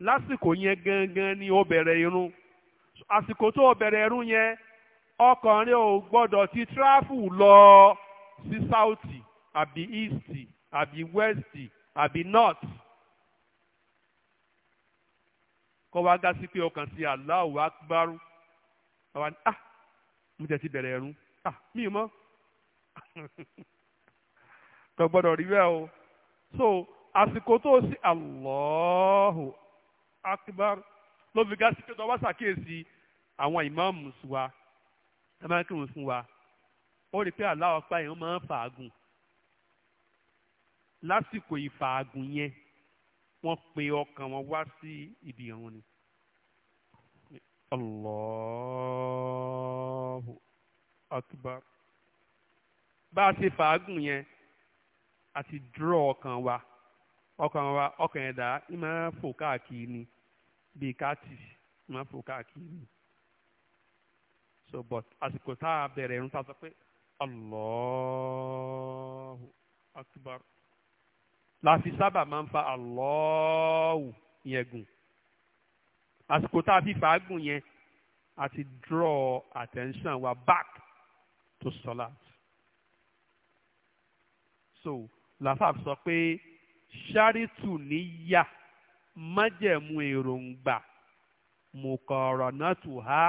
lásìkò yẹn gangan ni ó bẹ̀rẹ̀ irun àsìkò tó o bẹ̀rẹ̀ irun yẹn ọkàn rẹ ò gbọ́dọ̀ ti tráfù lọ sí sáùtì àbí ìsì àbí wẹ́sì àbí nọ́ọ̀tì kọ́ wa gá sí pé ọkàn sí Allahu Akbar àwa ni ah mo tẹ̀ ti bẹ̀rẹ̀ irun ah mi mọ́ kò gbọ́dọ̀ rí bẹ́ẹ̀ o so àsìkò tó o sí Allahu akbar ló fi gásí pé tọ́wọ́ ṣàkíyèsí àwọn ìmáàmù sí wa ẹ máa kírun fún wa ó rí i pé aláwọ̀ pa èèyàn máa ń fàágùn lásìkò ìfàágùn yẹn wọ́n pe ọkàn wọn wá sí ibi ìrun ni. Allahu akbar bá a ṣe fàágùn yẹn àti dúró ọkàn wa ọkàn wa ọkàn ẹ̀dá ń máa fò káàkiri ni bíi káàtì ń máa fò káàkiri ni so but àsìkò tá a bẹ̀rẹ̀ irun tá a sọ pé Allahu Akbar la fi sábà máa ń fa Allahu yẹn gùn àsìkò tá a fi fàágùn yẹn a ti draw attention wa back to salat so làfàf sọ pé. ṣáàrìtù níyà májẹ̀mú èròǹgbà mùkọ̀rọ̀nàtù ha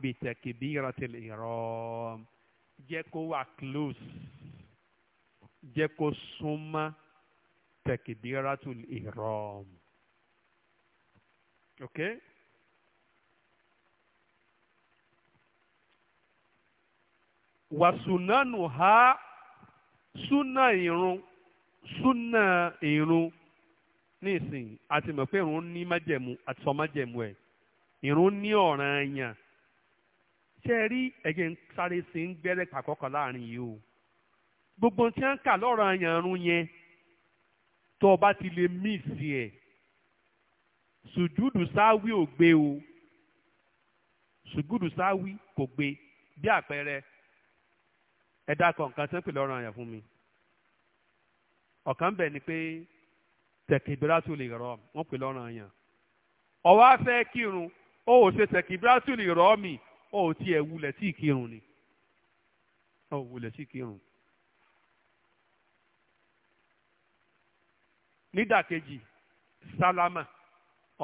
bìtẹ̀kìbí ìrántìlẹ̀ ìrọ̀ jẹ́ kó wà close jẹ́ kó súnmọ́ tẹ̀kìbí ìrántìlẹ̀ ìrọ̀ ok. wàsùnánù ha súnà irun súnà ìrun ní ìsìn àti mọ̀ pé ìrun ní májẹ̀mú àti sọ májẹ̀mú ẹ̀ ìrun ní ọ̀ranyàn ṣe é rí ẹ̀jẹ̀ ń sáré sí ń gbẹ́rẹ́ pàkọ́kọ́ láàrin yìí o gbogbo tí wọ́n ń kà lọ́ranyàn ìrun yẹn tó o bá ti lè mí ìsìn ẹ̀ sùjúdù sáwí ò gbé o sùjúdù sáwí kò gbé bí àpẹẹrẹ ẹ dákọ̀ nǹkan tí wọ́n pè lọ́ranyàn fún mi ọ̀kan bẹ̀ ni pé tẹ̀kìbírátù lè rọ wọ́n pè lọ́ràn yàn ọ̀wá fẹ́ kírun ó ò ṣe tẹ̀kìbírátù lè rọ mi ó ò tiẹ̀ wulẹ̀ tí kírun ni ó ò wulẹ̀ tí kírun. nídàkejì sálámà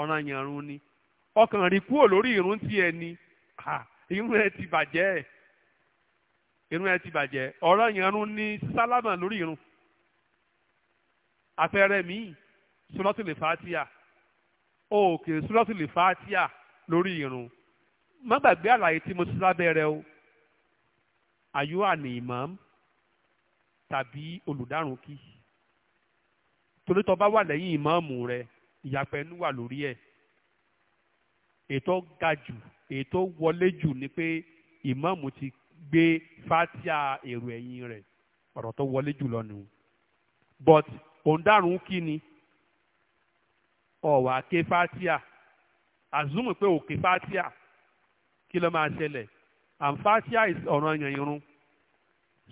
ọ̀ràn yàn run ni ọkàn rí kúrò lórí irun tiẹ̀ ni irun ẹ ti bàjẹ́ irun ẹ ti bàjẹ́ ọ̀ràn yàn ni sálámà lórí irun àpẹẹrẹ míì sùrọ́tìlì fatia òkè sùrọ́tìlì fatia lórí irun má gbàgbé àlàyé tí mo ti lábẹ́ o àyùwà ní imam tàbí olùdárun kí torí tó bá wà lẹ́yìn ìmáàmù rẹ ìyàpẹ̀ ẹnu wà lórí ẹ̀ ètò ga jù ètò wọlé jù ni pé ìmáàmù ti gbé fatia èrò ẹ̀yìn rẹ̀ ọ̀rọ̀ tó wọlé jù lọ́nu but òun kí ni ọ̀wà ké fátíà àzúmù pé òkè fátíà kí ló máa ṣẹlẹ̀ and fátíà is ọ̀ràn yàn irun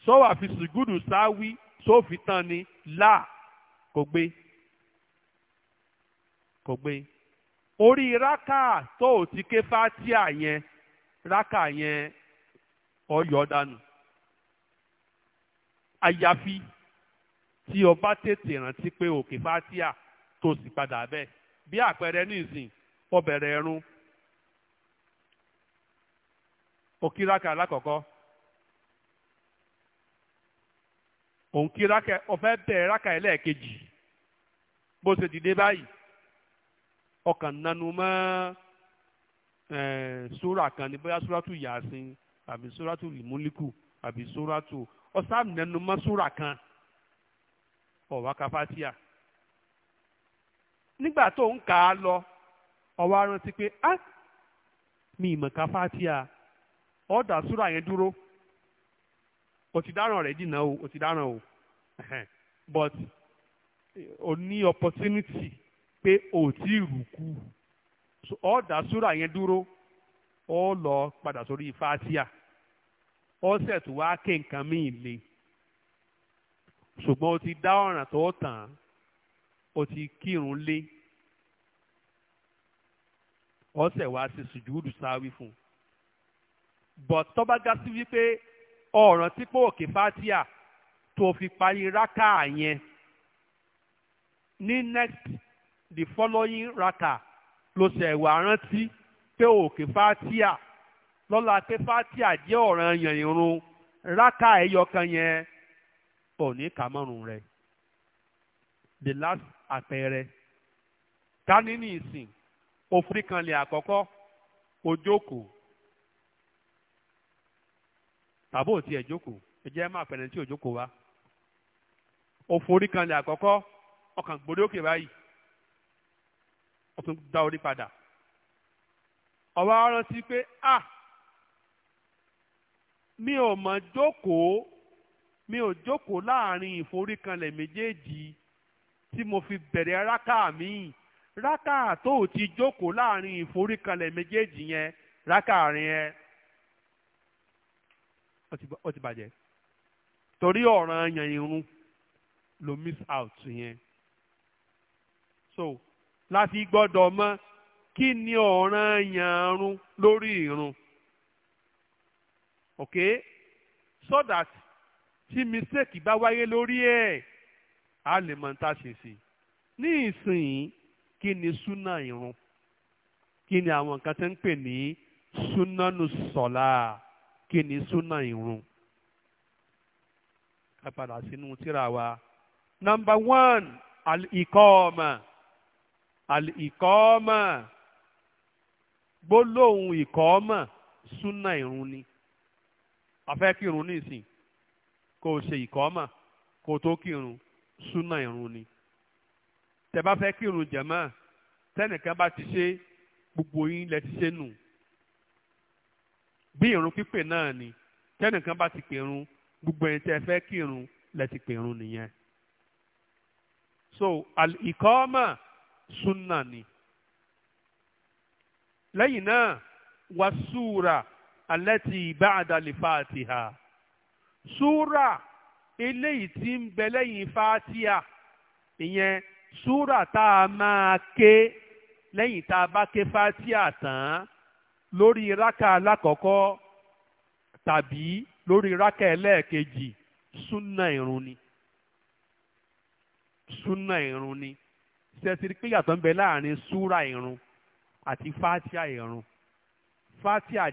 sọ́wọ́ àfi sùgúdù sáwí sófin tán ni là kò gbé kò gbé orí rákà tó ò ti ké yẹn rákà yẹn ọyọ dànù àyàfi tí o bá tètè rántí pé òkè fatia tó sì padà bẹ́ẹ̀ bí àpẹẹrẹ ní ìsìn ó bẹ̀rẹ̀ ẹ̀rùn òkìrákà alákọ̀ọ́kọ́ òǹkìrákà ó fẹ́ bẹ̀rẹ̀ rákà ẹlẹ́ẹ̀kejì bó ṣe dìde báyìí ọkàn nanu mọ́ sóra kan ní bóyá sóra yàásín àbí sóra tù àbí sóra ọ̀sán nanu mọ́ sóra kan ọ̀wá ka fatia nígbà tó ń kà á lọ ọ̀wá rántí pé á mi ìmọ̀ ka fatia ọ̀dà súrà yẹn dúró o ti dáràn rẹ̀ dìnnà o o ti dáràn o but o ní opportunity pé o ti rùkú ọ̀dà súrà yẹn dúró ó lọ padà sórí fatia ó ṣètò wá ké nǹkan míì le ṣùgbọ́n o ti dá ọ̀ràn tó tàn o ti kírun lé ọ̀sẹ̀ wá sí sùjúdù sáwí fún un but tó bá já sí wípé ọ̀ràn tí pò òkè fatia tó fi parí rákà yẹn ní next the following rákà ló ṣe wá rántí pé òkè fatia lọ́la pé fatia jẹ́ ọ̀ràn yẹn irun rákà ẹ̀yọkan yẹn òní kà mọ́rùn rẹ̀ the last àpẹẹrẹ dání ní ìsìn òfin kanlẹ̀ àkọ́kọ́ ojókòó tàbí òtí ẹ̀ jókòó ẹ jẹ́ máa pẹ̀lẹ́ tí òjókòó wá òforí kanlẹ̀ àkọ́kọ́ ọkàn gbòdì òkè báyìí ó tún dá orí padà ọba rántí pé ah mi ò mọ̀ jókòó mi ò jókòó láàrin ìforíkanlẹ̀ méjèèjì tí mo fi bẹ̀rẹ̀ rákà míì rákà tó o ti jókòó láàrin ìforíkanlẹ̀ méjèèjì yẹn rákà rìn ẹ ó ti bàjẹ́ torí ọ̀ràn yẹn irun ló miss out yẹn so láti gbọ́dọ̀ mọ̀ kí ni ọ̀ràn yẹn irun lórí irun Okay, so that tí mistake bá wáyé lórí ẹ̀ a lè mọ̀ tá ṣe sí ní ìsìn kí ni súnà irun kí ni àwọn nǹkan tó ń pè ní súnà nù sọ̀la kí ni súnà irun ká padà sínú tírà wa number one al-ikọ́ọ̀mà al-ikọ́ọ̀mà gbólóhùn ìkọ́ọ̀mà súnà irun ni a fẹ́ kí irun ní ìsìn kó o ṣe ìkọ́mà kó o tó kírun súnà irun ni tẹ́ bá fẹ́ kírun jẹ̀mọ́ tẹ́nìkan bá ti ṣe gbogbo yín lẹ ti ṣe nù bí irun pípè náà ni tẹ́nìkan bá ti kírun gbogbo yín tẹ́ fẹ́ kírun lẹ ti kírun nìyẹn so ìkọ́mà súnà ni lẹ́yìn náà wàsúùrà alẹ́ ti ìbá àdàlẹ́fà àti hà. súrà eléyìí ti ń bẹ lẹ́yìn fátíà ìyẹn súrà tá a máa ké lẹ́yìn tá a bá ké fátíà tán lórí rákà alákọ̀ọ́kọ́ tàbí lórí rákà ẹlẹ́ẹ̀kejì súnà ni súnà ni sẹ́tìrì pé yàtọ̀ ń bẹ láàrin irun àti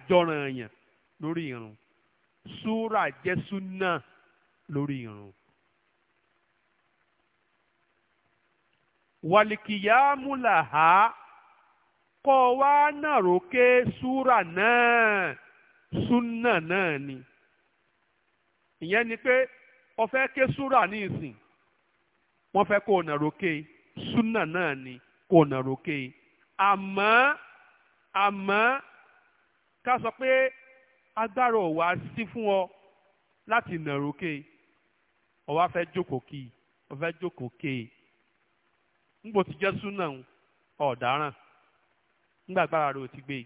jọ̀ràn súrà jẹ́ náà lórí irun. wàlìkìyàmù ha kọ́ ọ wá nàró súrà náà súnà náà ni ìyẹn ni pé ó fẹ́ ké súrà ní ìsìn wọ́n fẹ́ kó nàró ké súnà náà ni kó nàró ké àmọ́ àmọ́ ká sọ pé agbára ò wá sí fún ọ láti nàrókè ọ wá fẹ́ jókòó kì í ọ fẹ́ jókòó kè é ńgbò tí jẹ́ súnà ọ̀daràn ńgbà agbára rẹ̀ ò ti gbé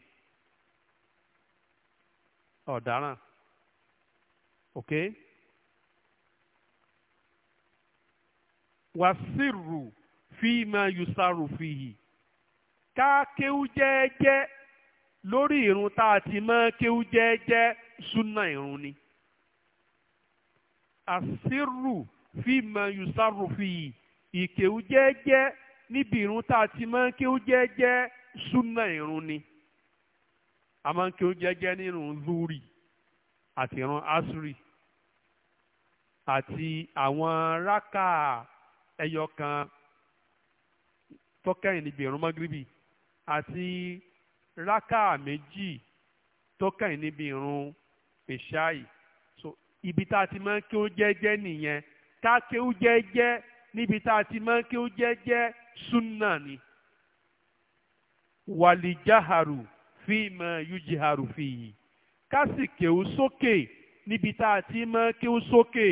e ọ̀daràn ok wàsírù fíìmà yusaru fìhì kákéwú jẹ́ẹ́jẹ́. lórí irun tá a ti mọ́ kéwú jẹ́ẹ́jẹ́ súnà irun ni. àṣírù fíìmọ̀ yusaru fi ìkéwú jẹ́ẹ́jẹ́ níbi irun tá a ti mọ́ kéwú jẹ́ẹ́jẹ́ súnà irun ni. a máa ń kéwú jẹ́ẹ́jẹ́ nínú lúrì àti irun asiri àti àwọn rákà ẹyọ kan tọ́kẹ́yìn níbi irun mọ́gíríbì àti. Raka méjì tó kàn níbi irun ìṣáì so ibi tá a ti máa ń kí ó jẹ́jẹ́ nìyẹn ká kí ó jẹ́jẹ́ níbi tá a ti máa ń kí ó jẹ́jẹ́ súnà ni wàlìjáharu fi mọ yujiharu fi yìí ká sì kéwú sókè níbi tá a ti máa ń kéwú sókè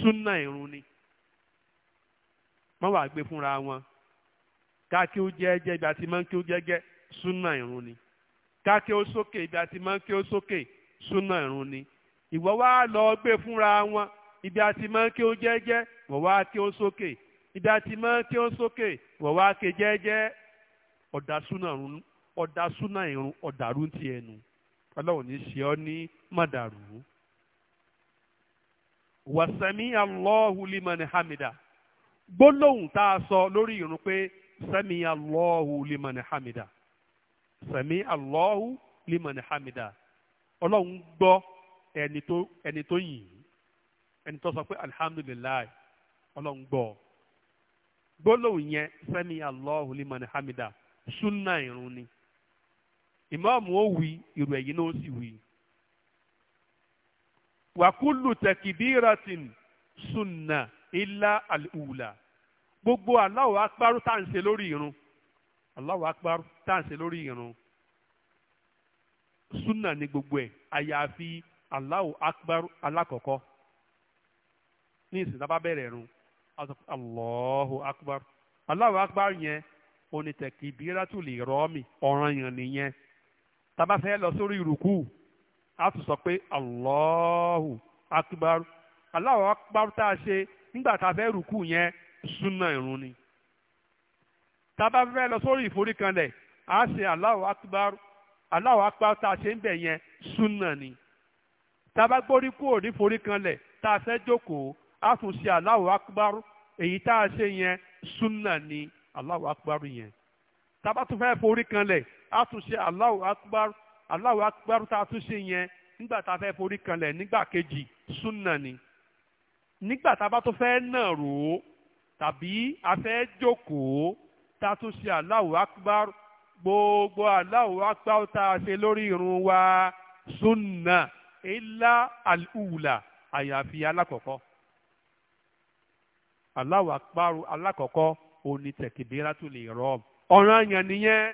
súnà irun ni wọ́n wàá gbé fúnra wọn ká kí ó jẹ́jẹ́ ibi àti máa ń kí ó jẹ́jẹ́. súnà ìrun ni káké ó sókè ibi àti máa ń ké ó sókè súnà ìrun ni ìwọ wá lọ gbé fúnra wọn ibi àti máa ń ké ó jẹ́jẹ́ wọ́n wá ké ó sókè ibi àti máa ń ké ó sókè wọ́n wá ké jẹ́jẹ́ ọ̀dà súnà ìrun ọ̀dà súnà ìrun ọ̀dàrú ti ẹnu ọlọ́run ní ṣe ọ́ ní mọ̀dàrú. wàsàmí Allahu liman hamida gbólóhùn tá a sọ lórí ìrun pé sami Allahu liman hamida sami allahu liman hamida ọlọ́run gbọ́ ẹni tó ẹni tó yìn ẹni tó sọ pé alhamdulilayi ọlọ́run gbọ́ gbólóhùn yẹn sami allahu liman hamida sunna irun ni ìmáàmù ó wí irú ẹ̀yìn náà ó sì wí. wàkúlù tẹkìbíratin sunna ilá alùlà gbogbo Allahu akbar tá à ń ṣe lórí irun. Allahu akbar táǹsì lórí irun sunna ni gbogbo ẹ̀ àyàfi ní bẹ̀rẹ̀ irun Allahu akbar Allahu yẹn onítẹ̀kìbíratù lè rọ́ mi ọ̀ràn yẹn nìyẹn lọ sórí pé nígbà yẹn sunna irun ni. tábà fẹ́ lọ sórí ìforíkanlẹ̀ a ṣe Allahu akbar Allahu akbar tá a ṣe ń bẹ̀ yẹn súnà ni tábà gbórí kúrò ní ìforíkanlẹ̀ tá a fẹ́ jókòó a tún ṣe Allahu akbar èyí tá a ṣe yẹn súnà ni Allahu akbar yẹn tábà tún fẹ́ foríkanlẹ̀ a tún ṣe Allahu akbar Allahu akbar tá a tún ṣe yẹn nígbà tá a fẹ́ foríkanlẹ̀ nígbà kejì súnà ni nígbà tá a bá tó fẹ́ nàró tàbí a fẹ́ jókòó ta tún ṣe Allahu akbar gbogbo Allahu akbar tá a ṣe lórí irun wa sunna illa al-ula àyàfi alákọ̀ọ́kọ́ Allahu akbar alákọ̀ọ́kọ́ òní takbiratul ihram ọ̀ràn yẹn nìyẹn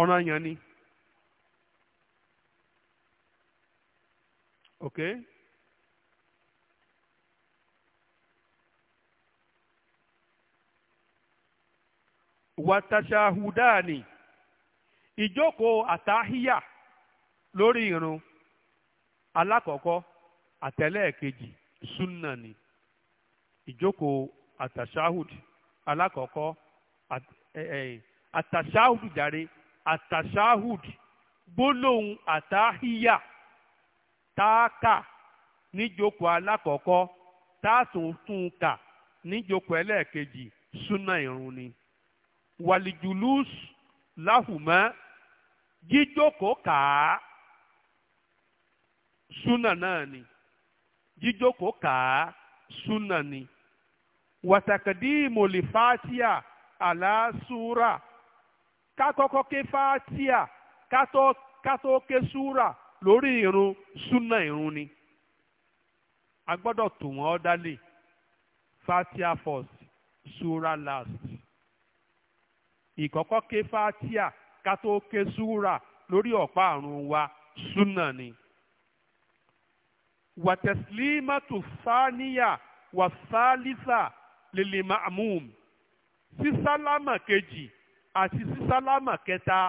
ọ̀ràn yẹn ni. Okay. Watashahudani: ìjókòó àtàhíyà lórí irun alákọ̀ọ́kọ́ àtẹlẹ́ẹ̀kejì suna ni ìjókòó àtàṣàhùd alákọ̀ọ́kọ́ àtàṣàhùd jàre àtàṣàhùd gbólóhùn àtàhíyà táàkà níjókòó alákọ̀ọ́kọ́ táàtúntúnkà níjókòó ẹlẹ́ẹ̀kejì suna irun ni. wàlìjùlùs láhùmọ́ jíjókòó kà á súnà náà ni jíjókòó kà á súnà ni wàtàkàdí ìmọ̀lì fàtíà àlàásúrà ká kọ́kọ́ ké fàtíà ká tó ké súrà lórí irun súnà irun ni a gbọ́dọ̀ tò wọ́n dálé fàtíà first súrà last ìkọ́kọ́ ké fatia ká tó ké súra lórí ọ̀pá àrùn wa súnà ni. wàtẹ̀sílímàtò sáníyà wà sálísà lèlè ma'mum sísálámà kejì àti sísálámà kẹta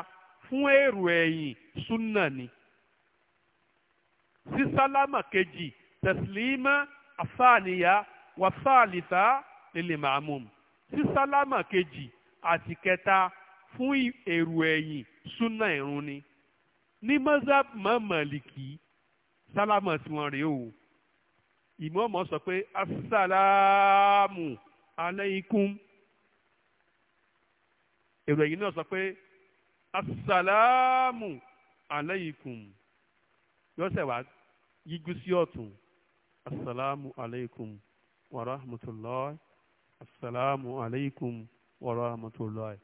fún èrò ẹ̀yìn súnà ni. sísálámà kejì tẹ̀sílímà àsáníyà wà sálísà lèlè ma'mum sísálámà kejì àti kẹta fún èrò ẹ̀yìn súnà ìrun ni ní mazhab mamaliki sálámà tí wọ́n rèé o ìmọ̀ọ́mọ̀ sọ pé asálàmù aleikum èrò ẹ̀yìn náà sọ pé asálàmù aleikum yóò wá yíjú sí ọ̀tún asálàmù aleikum wa rahmatullahi asálàmù aleikum ọ̀rọ̀ amọ̀tòlọ́ọ̀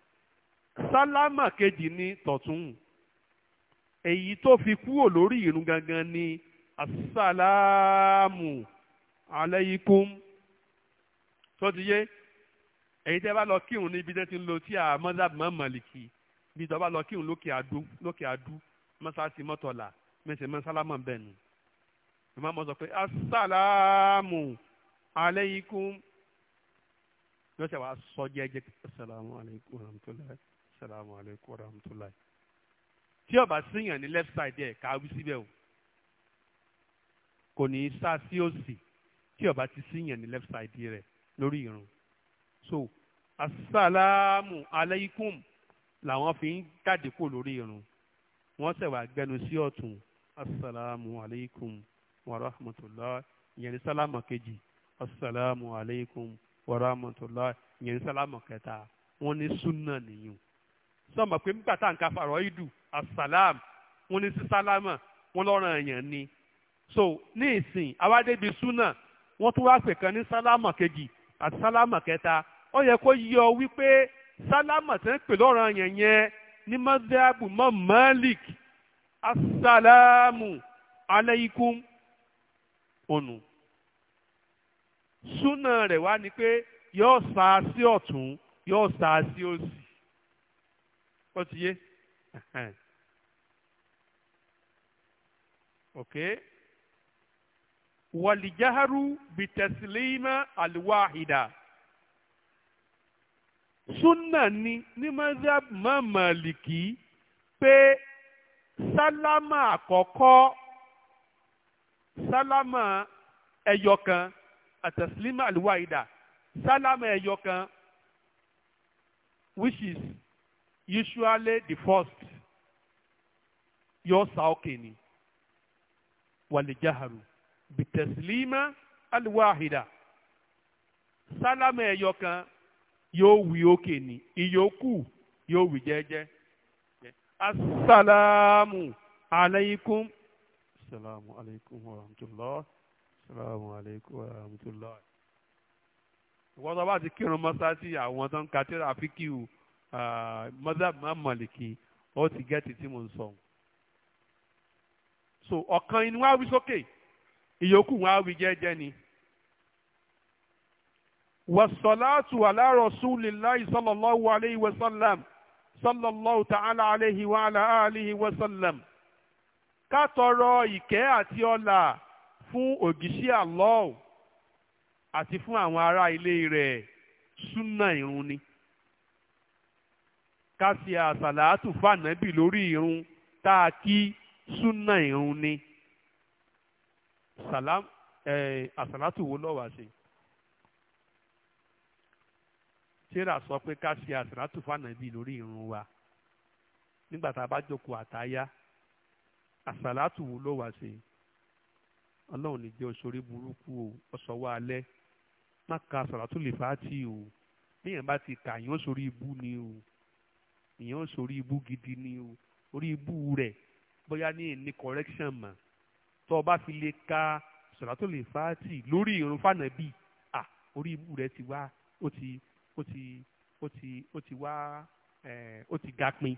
sálámà kejì ní tọ̀tún èyí tó fi kúrò lórí ìrun gangan ni asálàmù aláyíkùm tó ti yé èyí tẹ́ bá lọ kírun níbi tẹ́ ti ń lo tí a mọ́sáàbù mọ́ màlìkì bí tọ́ bá lọ kírun lókè adú lókè adú mọ́sáàsì mọ́tọ̀là mẹ́sẹ̀ mọ́sálámà bẹ́ẹ̀ ni ìmọ̀ mọ́ sọ pé asálàmù aláyíkùm yóò ṣe wàá sọ jẹ́jẹ́ salamu alaykum rahmatulahi salamu alaykum rahmatulahi tí ó bá síyàn ní left side ẹ̀ ká wí síbẹ̀ o kò ní í sá sí òsì tí ó ti síyàn ní left side rẹ̀ lórí irun so asalaamu alaykum làwọn fi ń jáde kó lórí irun wọ́n ṣe wàá gbẹnu sí ọ̀tún asalaamu alaykum wa rahmatulah ìyẹn ní sálámà kejì asalaamu alaykum warahmatullahi yẹn sálámù kẹta wọ́n ní súnà nìyẹn sọmọ pé nígbà tá à ń ka fàrọ ìdù asàlám wọ́n ní sísálámà wọ́n lọ́rọ̀ èèyàn ni so ní ìsìn awádébi súnà wọ́n tún wá pè kan ní sálámà kejì àti sálámà kẹta ó yẹ kó yọ wípé sálámà tẹ́ ń pè lọ́rọ̀ èèyàn yẹn ní mazhabu mọ́ Malik asàlámù aleikum onu súnà rẹ̀ wá ni pé yóò sá sí ọ̀tún yóò sá sí òsì ó ti yé ok wàlìjáharu bìtẹ̀sílẹ́mà àlùwáhìdà súnà ni ní mazhab mamaliki pé sálámà àkọ́kọ́ sálámà ẹyọkan àtẹ̀sílímà àlùwáìdà sálámà ẹ̀yọ kan which is usually the first yóò sa òkè ni wàlìjáharu bìtẹ̀sílímà àlùwáìdà sálámà ẹ̀yọ kan yóò wí òkè ni ìyókù yóò wí jẹ́jẹ́ asalaamu alaykum asalaamu alaykum wa rahmatulah. Assalamu alaikum wa rahmatullah. ìwọ́n tó bá ti kírun mọ́sáàtì àwọn tó ń ka tíra fíkìú mazhab Maliki ó ti gẹ́tì tí mo ń sọ. so ọ̀kan inú wa wí sókè ìyókù wa wí jẹ́jẹ́ ni. wasalaatu ala rasulillahi sallallahu alayhi wa sallam sallallahu ta'ala alayhi wa ala alihi wa sallam ká tọrọ ìkẹ́ àti ọlá fún ògìṣẹ́ Allah àti fún àwọn ará ilé rẹ̀ súnà irun ni ká ṣe àṣàlátù fànàbì lórí irun tá a kí súnà irun ni àṣàlátù wo lọ́wọ́ àṣẹ tíra sọ pé ká ṣe àṣàlátù lórí irun wa nígbà tá a bá jókòó àtayá àṣàlátù wo lọ́wọ́ àṣẹ ọlọ́run ní jẹ́ oṣorí burúkú o ọ̀sọ̀wọ́ alẹ́ má ka sàràtú lè fà á tì o bíyàn bá ti kà yín oṣorí ibú ni o ìyẹn oṣorí ibú gidi ni o orí ibú rẹ̀ bóyá ní ní correction mà tó o bá fi lè ka sàràtú lè fà á tì lórí ìrun fànàbí à orí ibú rẹ̀ ti wá ó ti ó ti ó ti ó ti wá ẹ̀ ó ti ga pin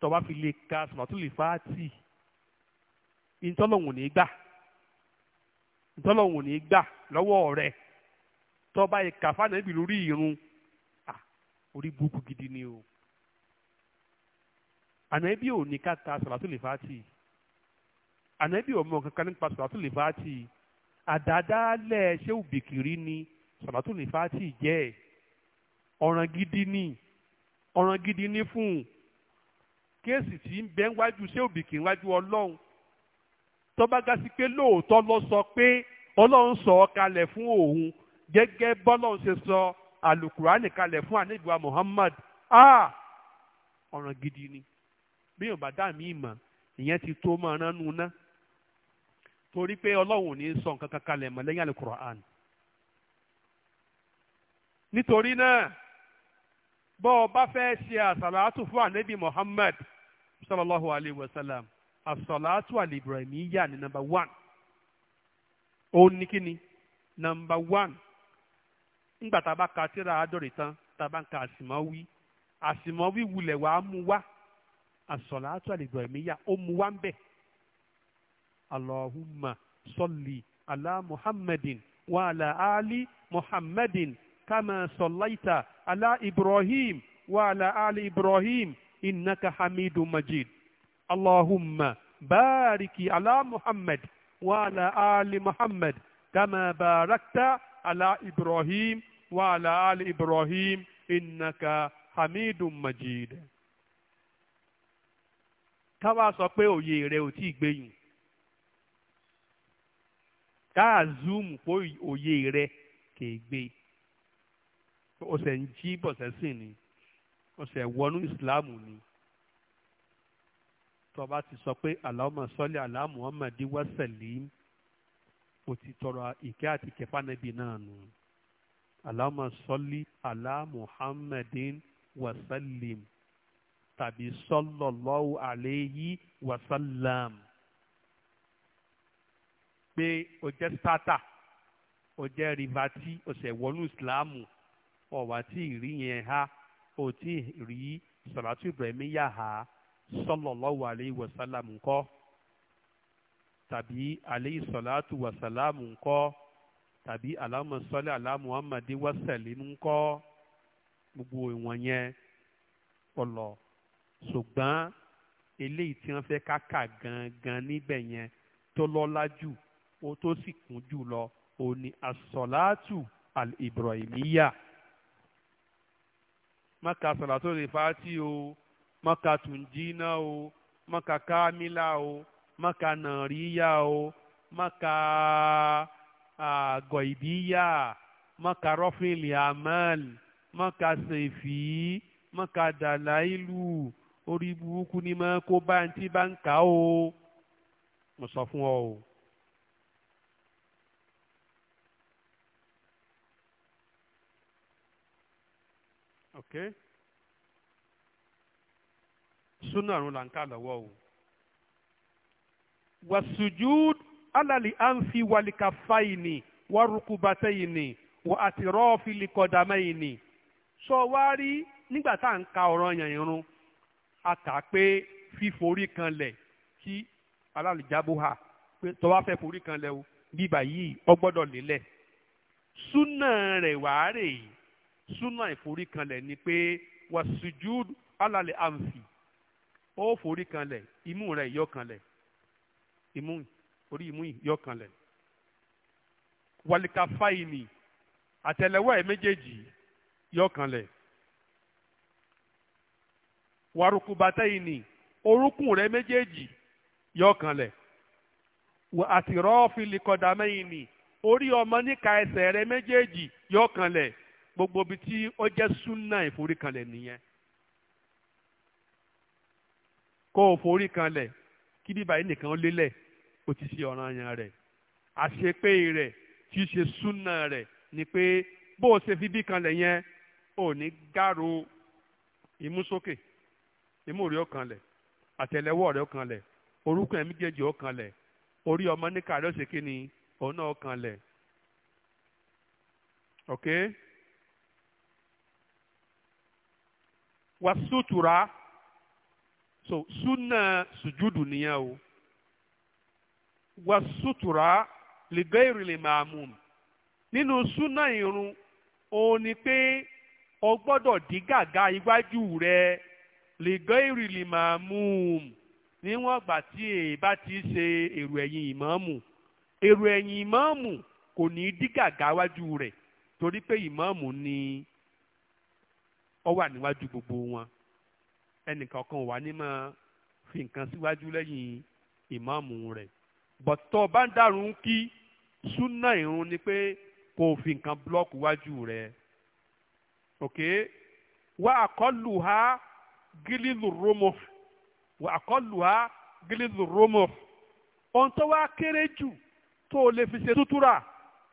tó o bá fi lè ka sàràtú lè fà á tì ní gbà ntọ́lọ́hún ò ní gbà lọ́wọ́ rẹ̀ tọ́ba ìka fánàbì lórí irun orí burúkú gidi ni o ànábì ò ní ká ta sàlátù lè fàátì ànábì ò mọ kankan nípa sàlátù lè fàátì àdádálẹ̀ ṣé òbìkìrí ni sàlátù lè fàátì jẹ́ ọ̀ràn gidi ni ọ̀ràn gidi ni fún un kéèsì tí ń bẹ wájú ṣé wájú ọlọ́run tó bá ga sí pé lóòótọ́ ló sọ pé ọlọ́run sọ ọ́ kalẹ̀ fún òun gẹ́gẹ́ bọ́lọ́run ṣe sọ alukurani kalẹ̀ fún anabiwa Muhammad ah ọ̀ràn gidi ni bí yóò bá dá mi ìmọ̀ ìyẹn ti tó máa ránnu ná torí pé ọlọ́run ò ní sọ nǹkan kan kalẹ̀ mọ́ lẹ́yìn alukurani nítorí náà bọ́ bá fẹ́ ṣe àsàlátù fún anabi Muhammad sallallahu alayhi wa sallam asọ̀látù àlìbìrẹ̀míyà ní number one òun ní kíni nọ́mbà one ńgbà tá a bá ka tíra àádọ́rẹ̀ tán tá a bá ń ka àsìmọ́wí àsìmọ́wí wulẹ̀ wàá mú wá asọ̀látù àlìbìrẹ̀míyà ó mú wá ń bẹ̀ allahumma sọlì ala muhammadin wa ala ali muhammadin kama sọláìta ala ibrahim wa ala ali ibrahim innaka hamidu majid. اللهم بارك على محمد وعلى آل محمد كما باركت على إبراهيم وعلى آل إبراهيم إنك حميد مجيد ká wá sọ pé òye rẹ ò tí ì gbẹ̀yìn ká zoom pé òye rẹ kìí gbé ọ̀sẹ̀ ń jí bọ̀sẹ̀ sìn ni ọ̀sẹ̀ wọnú ìsìláàmù ni tó bá ti sọ pé Allahumma salli ala Muhammadi wa sallim ó ti tọrọ ìkẹ́ àti kẹfà níbi náà nù Allahumma salli ala Muhammadin wa sallim tàbí sallallahu alayhi wa sallam pé o jẹ́ starter o jẹ́ rivati o sì wọnú ìsìláàmù ọ̀wá tí ì rí yẹn ha o tí ì rí sàlátù Ibrahimiyya ha sallallahu alayhi wa sallam ńkọ́ tàbí alayhi salatu wa salam ńkọ́ tàbí allahumma salli ala muhammadi wa sallim ńkọ́ gbogbo ìwọ̀n yẹn ọlọ ṣùgbọ́n eléyìí tí wọ́n fẹ́ káka gangan níbẹ̀ yẹn tó lọ́lá jù ó tó sì kún jù lọ òun ni asọ̀látù al má ka sọ̀látù lè fa tí o maka tunjina o maka kamila o maka nariya o maka goibiya maka rọfìlì amal maka sefi maka dalailu orí burúkú ni máa kó bá ń tí bá ń kà ó mo sọ fún ọ o. okay súnà àrùn là ń kà lọ́wọ́ o. wàsùjúd alàlì ànfi wàlìkàfà yìí ni wàrúkúbatẹ́ yìí ni wà àti rọ́ọ̀fì lìkọ̀dàmẹ́ yìí ni. sọ wá rí nígbà tá à ń ka ọ̀rọ̀ yàn irun a kà pé fíforí kan lẹ̀ kí alálìjábóhà pé tó bá fẹ́ forí kan lẹ̀ o bíbà yìí ọ gbọ́dọ̀ lélẹ̀ súnà rẹ̀ wàá rèé súnà ìforí kan lẹ̀ ni pé wàsùjúd alàlì ànfi ó forí kanlẹ̀ imú rẹ̀ yọ kanlẹ̀ imú orí imú yọ kanlẹ̀ wàlìkàfáìní àtẹlẹwọ́ ẹ̀ méjèèjì yọ kanlẹ̀ wàrúkúbàtẹ́ìní orúnkún rẹ̀ méjèèjì yọ kanlẹ̀ àti rọ́ọ̀fìlì kọ̀dàmẹ́ìní orí ọmọ níka ẹsẹ̀ rẹ̀ méjèèjì yọ kanlẹ̀ gbogbo ibi tí ó jẹ́ súnà ìforíkanlẹ̀ nìyẹn. kó o forí kanlẹ̀ kí bíbá yìí nìkan lélẹ̀ o ti ṣe ọ̀ranyàn rẹ̀ àṣepé rẹ̀ tí ṣe súnà rẹ̀ ni pé bó o ṣe fi bí kanlẹ̀ yẹn ò ní gàrò imú sókè imú rẹ̀ ó kanlẹ̀ àtẹlẹwọ́ rẹ̀ ó kanlẹ̀ orúkọ ẹ̀mí jẹjẹ ó kanlẹ̀ orí ọmọ níkà rẹ̀ ṣe kí ni òun náà ó kanlẹ̀ ok wàsútùrà. Okay? so súnà sujudu nìyẹn o wà sútùrà lìgẹ́ ìrìlẹ̀ màmú nínú súnà irun òun ni pé o gbọ́dọ̀ dí gàgà iwájú rẹ lìgẹ́ ìrìlẹ̀ màmú níwọ̀n gbà tí èyí bá ti ṣe èrò ẹ̀yìn ìmáàmù èrò ẹ̀yìn ìmáàmù kò ní dí gàgà iwájú rẹ̀ torí pé ìmáàmù ni ó wà níwájú gbogbo wọn ẹnìkankan wà ní máa fi nǹkan síwájú lẹ́yìn ìmáàmù rẹ̀ bọ̀tọ̀ bá ń dàrún kí súnà ìrun ni pé kò fi nǹkan búlọ́ọ̀kù wájú rẹ̀ ok wà á kọ́ lù ha gílílù rómọ wà á kọ́ lù ha gílílù rómọ ohun tó wá kéré jù tó o lè fi ṣe tútúrà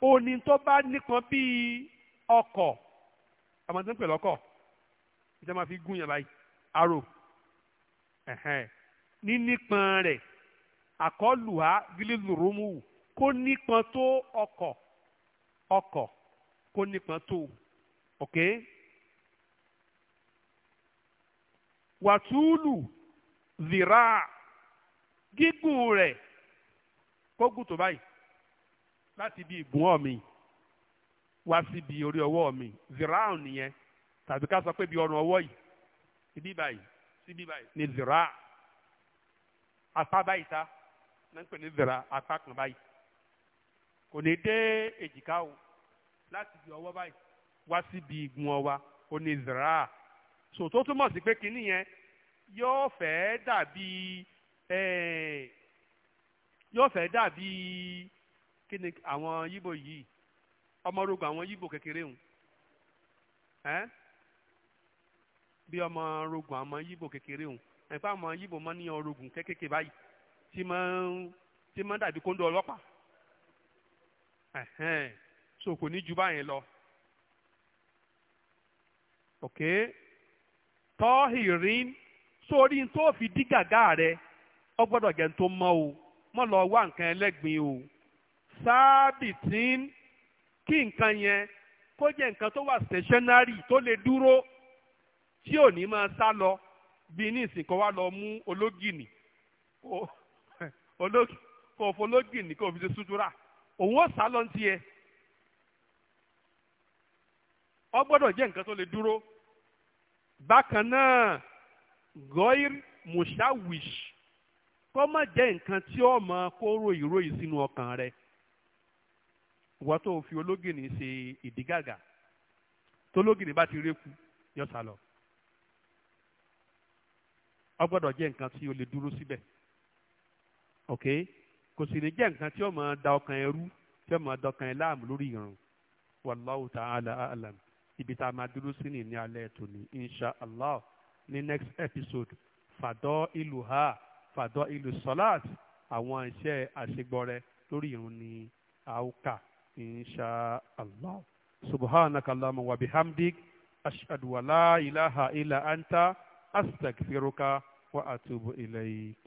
òní tó bá nìkan bíi ọkọ̀ àmọ́ tó ń pè lọ́kọ̀ ìjọba fi gún yàn báyìí. arò nínípọn rẹ̀ àkọlùhá gílílùrúmù kó nípọn tó ọkọ̀ ọkọ̀ kó nípọn tó ok wàtúùlù zìrà gígùn rẹ̀ kógùn tó báyìí láti bí ìgbọ̀nwọ́ mi wá sí bí orí ọwọ́ mi zìrà nìyẹn tàbí ká sọ pé bí ọrùn ọwọ́ yìí ibi báyìí síbi báyìí ní zira apá báyìí ta náà ń pè ní zira apá kan báyìí kò ní dé èjìká o láti ibi ọwọ́ báyìí wá síbi igun ọwa ó ní zira so tó túmọ̀ sí pé kinní yẹn yóò fẹ́ dàbí yóò fẹ́ dàbí kí ni àwọn yíbo yìí ọmọ orogun àwọn yíbo kékeré ń. bí ọmọ rogun ọmọ yibo kékeré òun ẹ̀fọ́ àmọ́ yíbò mọ́ ní ọrọ̀gùn kékèké báyìí tí máa ń tí máa dàbí kóńdó ọlọ́pàá ẹ̀hẹ́n so kò ní ju báyìí lọ ok tọ́hìrín sórí tó fi dí gàgá rẹ ọ gbọ́dọ̀ jẹ́ tó o mọ́ lọ wá nǹkan ẹlẹ́gbin o sábìtín kí nǹkan yẹn kó jẹ́ nǹkan tó wà stationary tó lè dúró tí ò ní máa sá lọ bí ní ìsìnkọ́ wa lọ mú ológìní kò fọ ológìní kò fi ṣe sútúrà òun ó sá lọ ní tiẹ̀ ọ gbọ́dọ̀ jẹ́ nǹkan tó lè dúró bákan náà goir mushawish kó má jẹ́ nǹkan tí ó mọ kóró ìròyìn sínú ọkàn rẹ̀ wọ́n tó fi ológìní ṣe ìdígàgà tológìní bá ti rékú yọ sálọ ó gbọ́dọ̀ jẹ́ nǹkan tí o lè dúró síbẹ̀ ok kò sì ní jẹ́ nǹkan tí ó máa da ọkàn ẹ rú tí ó máa da ọkàn ẹ láàmú lórí ìrun wallahu ta'ala alam ibi tá a máa dúró sí ní ní alẹ́ tòní insha allah ní next episode fàdọ́ ìlú ha fàdọ́ ìlú salat àwọn iṣẹ́ àṣegbọrẹ lórí ìrun ní àwùkà insha allah subhanaka allahumma wa bihamdik ashhadu wa la ilaha illa anta astaghfiruka wa atubu ilayk.